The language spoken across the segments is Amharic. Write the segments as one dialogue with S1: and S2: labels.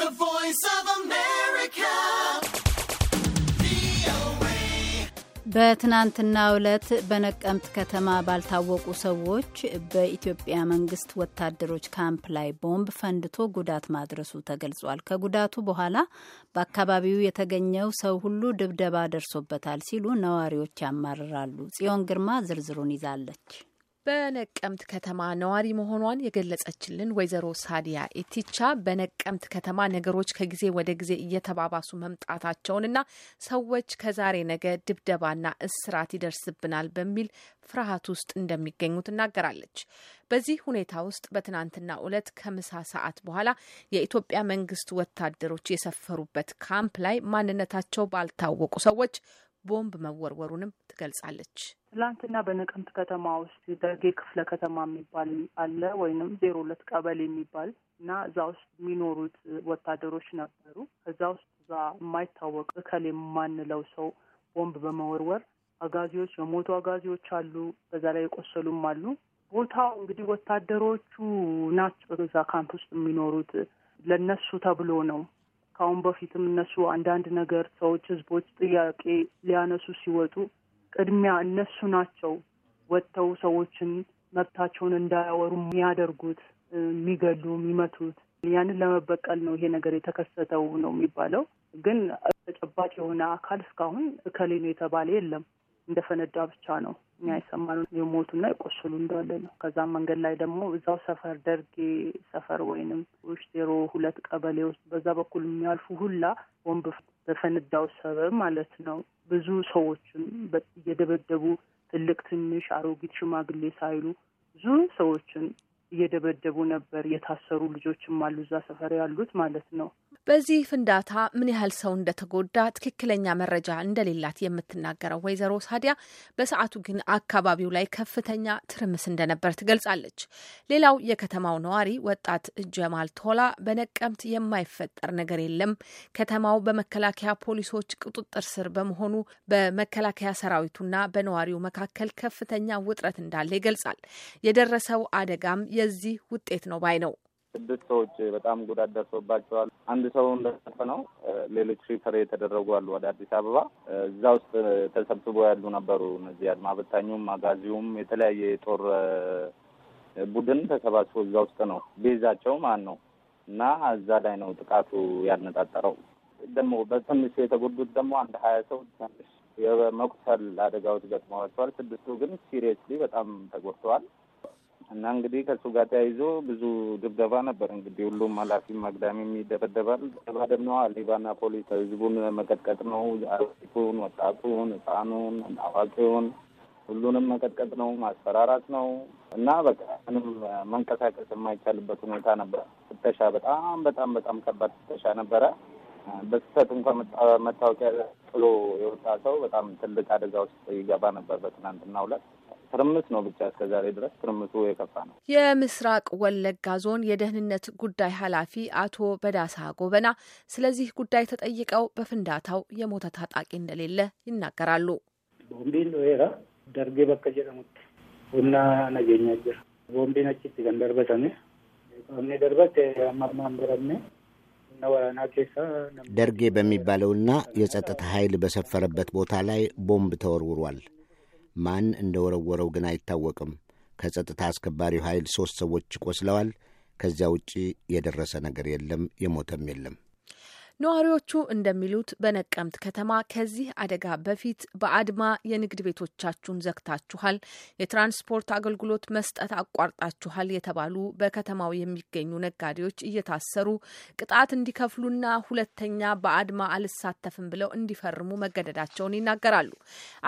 S1: The Voice of America.
S2: ዕለት በነቀምት ከተማ ባልታወቁ ሰዎች በኢትዮጵያ መንግስት ወታደሮች ካምፕ ላይ ቦምብ ፈንድቶ ጉዳት ማድረሱ ተገልጿል። ከጉዳቱ በኋላ በአካባቢው የተገኘው ሰው ሁሉ ድብደባ ደርሶበታል ሲሉ ነዋሪዎች ያማርራሉ። ጽዮን ግርማ ዝርዝሩን ይዛለች። በነቀምት ከተማ ነዋሪ መሆኗን የገለጸችልን ወይዘሮ ሳዲያ ኢቲቻ በነቀምት ከተማ ነገሮች ከጊዜ ወደ ጊዜ እየተባባሱ መምጣታቸውንና ሰዎች ከዛሬ ነገ ድብደባና እስራት ይደርስብናል በሚል ፍርሃት ውስጥ እንደሚገኙ ትናገራለች። በዚህ ሁኔታ ውስጥ በትናንትና ዕለት ከምሳ ሰዓት በኋላ የኢትዮጵያ መንግስት ወታደሮች የሰፈሩበት ካምፕ ላይ ማንነታቸው ባልታወቁ ሰዎች ቦምብ መወርወሩንም ትገልጻለች።
S3: ትላንትና በነቀምት ከተማ ውስጥ ደርጌ ክፍለ ከተማ የሚባል አለ ወይንም ዜሮ ሁለት ቀበሌ የሚባል እና እዛ ውስጥ የሚኖሩት ወታደሮች ነበሩ። እዛ ውስጥ እዛ የማይታወቅ እከሌ የማንለው ሰው ቦምብ በመወርወር አጋዚዎች የሞቱ አጋዚዎች አሉ፣ በዛ ላይ የቆሰሉም አሉ። ቦታው እንግዲህ ወታደሮቹ ናቸው እዛ ካምፕ ውስጥ የሚኖሩት ለነሱ ተብሎ ነው ከአሁን በፊትም እነሱ አንዳንድ ነገር ሰዎች፣ ህዝቦች ጥያቄ ሊያነሱ ሲወጡ ቅድሚያ እነሱ ናቸው ወጥተው ሰዎችን መብታቸውን እንዳያወሩ የሚያደርጉት የሚገሉ፣ የሚመቱት ያንን ለመበቀል ነው ይሄ ነገር የተከሰተው ነው የሚባለው። ግን ተጨባጭ የሆነ አካል እስካሁን እከሌ ነው የተባለ የለም። እንደፈነዳ ብቻ ነው እኛ የሰማነው። የሞቱና የቆሰሉ እንዳለ ነው። ከዛም መንገድ ላይ ደግሞ እዛው ሰፈር ደርጌ ሰፈር ወይንም ውሽ ዜሮ ሁለት ቀበሌ ውስጥ በዛ በኩል የሚያልፉ ሁላ ወንብ በፈነዳው ሰበብ ማለት ነው ብዙ ሰዎችን እየደበደቡ ትልቅ ትንሽ፣ አሮጊት ሽማግሌ ሳይሉ ብዙ ሰዎችን እየደበደቡ ነበር። የታሰሩ ልጆችም አሉ እዛ ሰፈር ያሉት ማለት
S2: ነው። በዚህ ፍንዳታ ምን ያህል ሰው እንደተጎዳ ትክክለኛ መረጃ እንደሌላት የምትናገረው ወይዘሮ ሳዲያ በሰዓቱ ግን አካባቢው ላይ ከፍተኛ ትርምስ እንደነበር ትገልጻለች። ሌላው የከተማው ነዋሪ ወጣት ጀማል ቶላ በነቀምት የማይፈጠር ነገር የለም፣ ከተማው በመከላከያ ፖሊሶች ቁጥጥር ስር በመሆኑ በመከላከያ ሰራዊቱና በነዋሪው መካከል ከፍተኛ ውጥረት እንዳለ ይገልጻል። የደረሰው አደጋም የዚህ ውጤት ነው ባይ ነው።
S1: ስድስት ሰዎች በጣም ጉዳት ደርሶባቸዋል። አንድ ሰው እንደተፈ ነው። ሌሎች ሪፈር የተደረጉ አሉ ወደ አዲስ አበባ። እዛ ውስጥ ተሰብስቦ ያሉ ነበሩ። እነዚህ አድማ በታኙም አጋዚውም የተለያየ የጦር ቡድን ተሰባስቦ እዛ ውስጥ ነው ቤዛቸው ማን ነው እና እዛ ላይ ነው ጥቃቱ ያነጣጠረው። ደግሞ በትንሹ የተጎዱት ደግሞ አንድ ሀያ ሰው ትንሽ የመቁሰል አደጋዎች ገጥመዋቸዋል። ስድስቱ ግን ሲሪየስሊ በጣም ተጎድተዋል። እና እንግዲህ ከእሱ ጋር ተያይዞ ብዙ ድብደባ ነበር። እንግዲህ ሁሉም ኃላፊም አግዳሚም ይደበደባል። ደባደብ ነው ሌባና ፖሊስ ህዝቡን መቀጥቀጥ ነው። አሪፉን፣ ወጣቱን፣ ህፃኑን፣ አዋቂውን ሁሉንም መቀጥቀጥ ነው፣ ማስፈራራት ነው እና በቃ ምንም መንቀሳቀስ የማይቻልበት ሁኔታ ነበረ። ፍተሻ በጣም በጣም በጣም ከባድ ፍተሻ ነበረ። በስህተት እንኳን መታወቂያ ጥሎ የወጣ ሰው በጣም ትልቅ አደጋ ውስጥ ይገባ ነበር በትናንትና ሁለት ትርምት ነው ብቻ እስከዛሬ ድረስ ትርምቱ የከፋ ነው።
S2: የምስራቅ ወለጋ ዞን የደህንነት ጉዳይ ኃላፊ አቶ በዳሳ ጎበና ስለዚህ ጉዳይ ተጠይቀው በፍንዳታው የሞተ ታጣቂ እንደሌለ ይናገራሉ።
S1: ቦምቢን ወራ ደርጌ በከ ጀረሙት ቡና ነገኛ ጅር ቦምቢን ገንደርበሰሜ ደርበት
S3: ደርጌ በሚባለውና የጸጥታ ኃይል በሰፈረበት ቦታ ላይ ቦምብ ተወርውሯል። ማን እንደ ወረወረው ግን አይታወቅም። ከጸጥታ አስከባሪው ኃይል ሦስት ሰዎች ቆስለዋል። ከዚያ ውጪ የደረሰ ነገር የለም፣ የሞተም የለም።
S2: ነዋሪዎቹ እንደሚሉት በነቀምት ከተማ ከዚህ አደጋ በፊት በአድማ የንግድ ቤቶቻችሁን ዘግታችኋል፣ የትራንስፖርት አገልግሎት መስጠት አቋርጣችኋል የተባሉ በከተማው የሚገኙ ነጋዴዎች እየታሰሩ ቅጣት እንዲከፍሉና ሁለተኛ በአድማ አልሳተፍም ብለው እንዲፈርሙ መገደዳቸውን ይናገራሉ።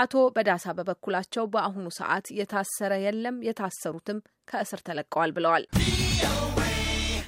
S2: አቶ በዳሳ በበኩላቸው በአሁኑ ሰዓት የታሰረ የለም፣ የታሰሩትም ከእስር ተለቀዋል ብለዋል።